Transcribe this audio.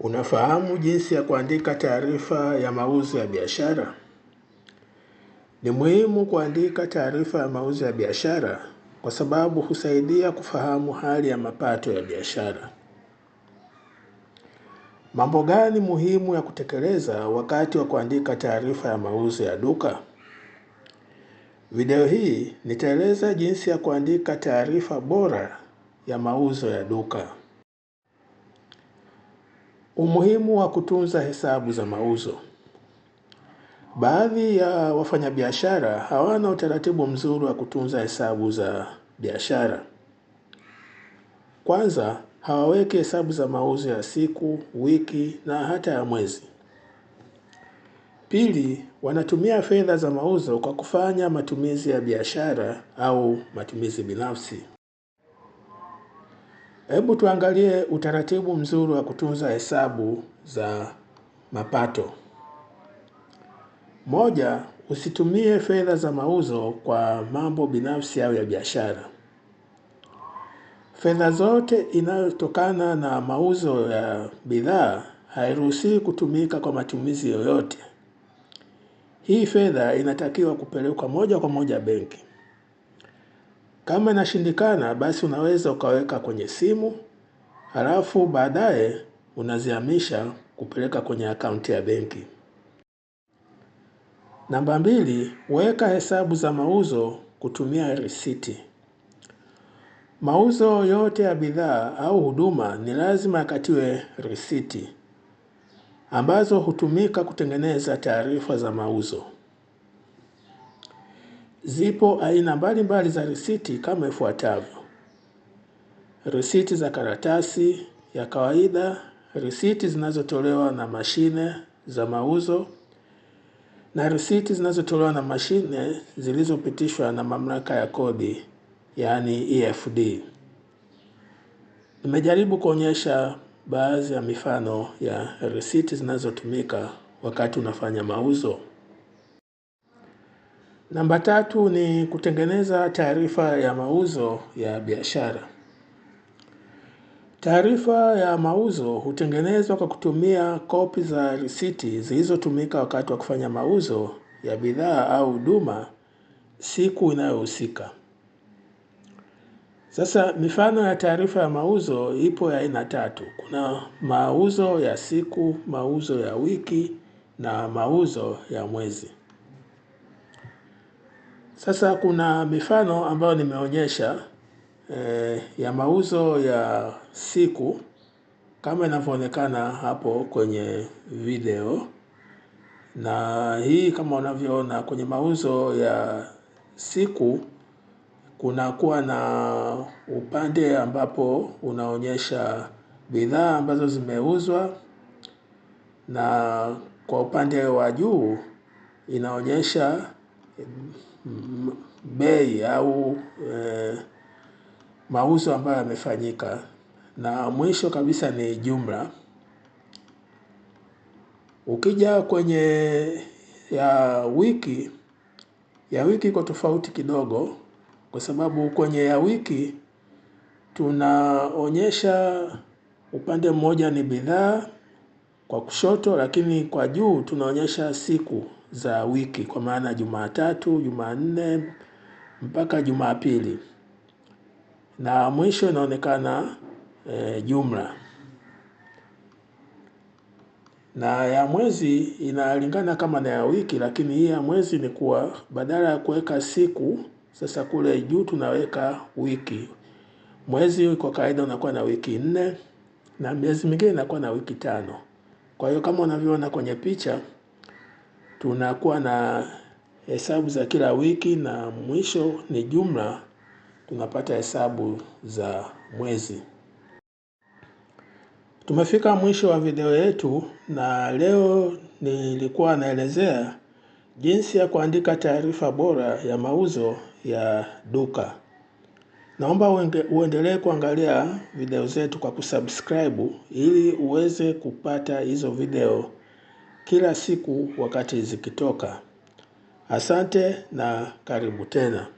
Unafahamu jinsi ya kuandika taarifa ya mauzo ya biashara? Ni muhimu kuandika taarifa ya mauzo ya biashara kwa sababu husaidia kufahamu hali ya mapato ya biashara. Mambo gani muhimu ya kutekeleza wakati wa kuandika taarifa ya mauzo ya duka? Video hii nitaeleza jinsi ya kuandika taarifa bora ya mauzo ya duka. Umuhimu wa kutunza hesabu za mauzo. Baadhi ya wafanyabiashara hawana utaratibu mzuri wa kutunza hesabu za biashara. Kwanza, hawaweki hesabu za mauzo ya siku, wiki na hata ya mwezi. Pili, wanatumia fedha za mauzo kwa kufanya matumizi ya biashara au matumizi binafsi. Hebu tuangalie utaratibu mzuri wa kutunza hesabu za mapato. Moja, usitumie fedha za mauzo kwa mambo binafsi au ya biashara. Fedha zote inayotokana na mauzo ya bidhaa hairuhusiwi kutumika kwa matumizi yoyote. Hii fedha inatakiwa kupelekwa moja kwa moja benki. Kama inashindikana, basi unaweza ukaweka kwenye simu, halafu baadaye unazihamisha kupeleka kwenye akaunti ya benki. Namba mbili, weka hesabu za mauzo kutumia risiti. Mauzo yote ya bidhaa au huduma ni lazima yakatiwe risiti ambazo hutumika kutengeneza taarifa za mauzo. Zipo aina mbalimbali za risiti kama ifuatavyo: risiti za karatasi ya kawaida, risiti zinazotolewa na mashine za mauzo na risiti zinazotolewa na mashine zilizopitishwa na mamlaka ya kodi, yaani EFD. Nimejaribu kuonyesha baadhi ya mifano ya risiti zinazotumika wakati unafanya mauzo. Namba tatu ni kutengeneza taarifa ya mauzo ya biashara. Taarifa ya mauzo hutengenezwa kwa kutumia kopi za risiti zilizotumika wakati wa kufanya mauzo ya bidhaa au huduma siku inayohusika. Sasa mifano ya taarifa ya mauzo ipo ya aina tatu. Kuna mauzo ya siku, mauzo ya wiki na mauzo ya mwezi. Sasa kuna mifano ambayo nimeonyesha eh, ya mauzo ya siku kama inavyoonekana hapo kwenye video, na hii kama unavyoona kwenye mauzo ya siku kunakuwa na upande ambapo unaonyesha bidhaa ambazo zimeuzwa, na kwa upande wa juu inaonyesha bei au e, mauzo ambayo yamefanyika, na mwisho kabisa ni jumla. Ukija kwenye ya wiki, ya wiki iko tofauti kidogo, kwa sababu kwenye ya wiki tunaonyesha upande mmoja ni bidhaa kwa kushoto, lakini kwa juu tunaonyesha siku za wiki kwa maana Jumatatu, Jumanne mpaka Jumapili, na mwisho inaonekana e, jumla na ya mwezi inalingana kama na ya wiki, lakini hii ya mwezi ni kuwa badala ya kuweka siku, sasa kule juu tunaweka wiki. Mwezi kwa kawaida unakuwa na wiki nne na miezi mingine inakuwa na wiki tano. Kwa hiyo kama unavyoona kwenye picha tunakuwa na hesabu za kila wiki na mwisho ni jumla tunapata hesabu za mwezi. Tumefika mwisho wa video yetu na leo nilikuwa naelezea jinsi ya kuandika taarifa bora ya mauzo ya duka. Naomba uendelee kuangalia video zetu kwa kusubscribe ili uweze kupata hizo video kila siku wakati zikitoka. Asante na karibu tena.